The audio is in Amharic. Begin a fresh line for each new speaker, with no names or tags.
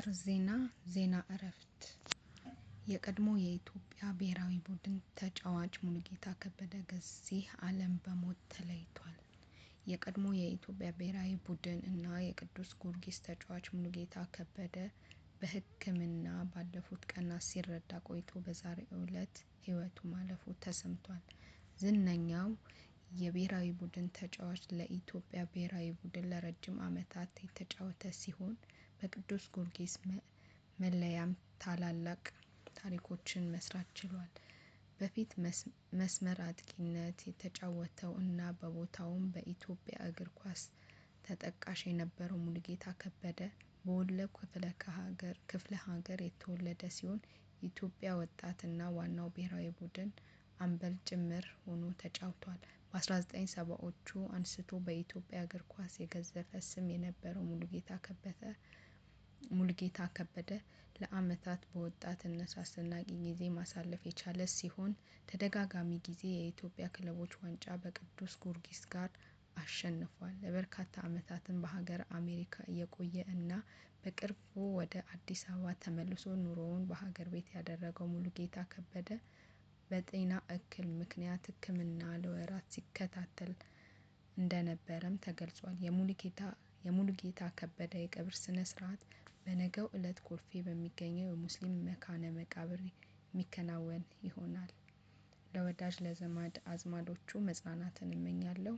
የገጠር ዜና ዜና እረፍት የቀድሞ የኢትዮጵያ ብሔራዊ ቡድን ተጫዋች ሙሉጌታ ከበደ ከዚህ ዓለም በሞት ተለይቷል። የቀድሞ የኢትዮጵያ ብሔራዊ ቡድን እና የቅዱስ ጊዮርጊስ ተጫዋች ሙሉጌታ ከበደ በሕክምና ባለፉት ቀናት ሲረዳ ቆይቶ በዛሬው ዕለት ሕይወቱ ማለፉ ተሰምቷል። ዝነኛው የብሔራዊ ቡድን ተጫዋች ለኢትዮጵያ ብሔራዊ ቡድን ለረጅም ዓመታት የተጫወተ ሲሆን በቅዱስ ጊዮርጊስ መለያም ታላላቅ ታሪኮችን መስራት ችሏል። በፊት መስመር አጥቂነት የተጫወተው እና በቦታውም በኢትዮጵያ እግር ኳስ ተጠቃሽ የነበረው ሙሉጌታ ከበደ በወሎ ክፍለ ሀገር የተወለደ ሲሆን የኢትዮጵያ ወጣትና ዋናው ብሔራዊ ቡድን አምበል ጭምር ሆኖ ተጫውቷል። በ1970ዎቹ አንስቶ በኢትዮጵያ እግር ኳስ የገዘፈ ስም የነበረው ሙሉጌታ ከበደ ሙልጌታ ከበደ ለአመታት በወጣትነት አስደናቂ ጊዜ ማሳለፍ የቻለ ሲሆን ተደጋጋሚ ጊዜ የኢትዮጵያ ክለቦች ዋንጫ ከቅዱስ ጊዮርጊስ ጋር አሸንፏል። ለበርካታ ዓመታትም በሀገር አሜሪካ የቆየ እና በቅርቡ ወደ አዲስ አበባ ተመልሶ ኑሮውን በሀገር ቤት ያደረገው ሙሉጌታ ከበደ በጤና እክል ምክንያት ህክምና ለወራት ሲከታተል እንደነበረም ተገልጿል። የሙሉጌታ ከበደ የቀብር ስነ ስርዓት በነገው ዕለት ኮልፌ በሚገኘው የሙስሊም መካነ መቃብር የሚከናወን ይሆናል። ለወዳጅ ለዘመድ አዝማዶቹ መጽናናትን እመኛለሁ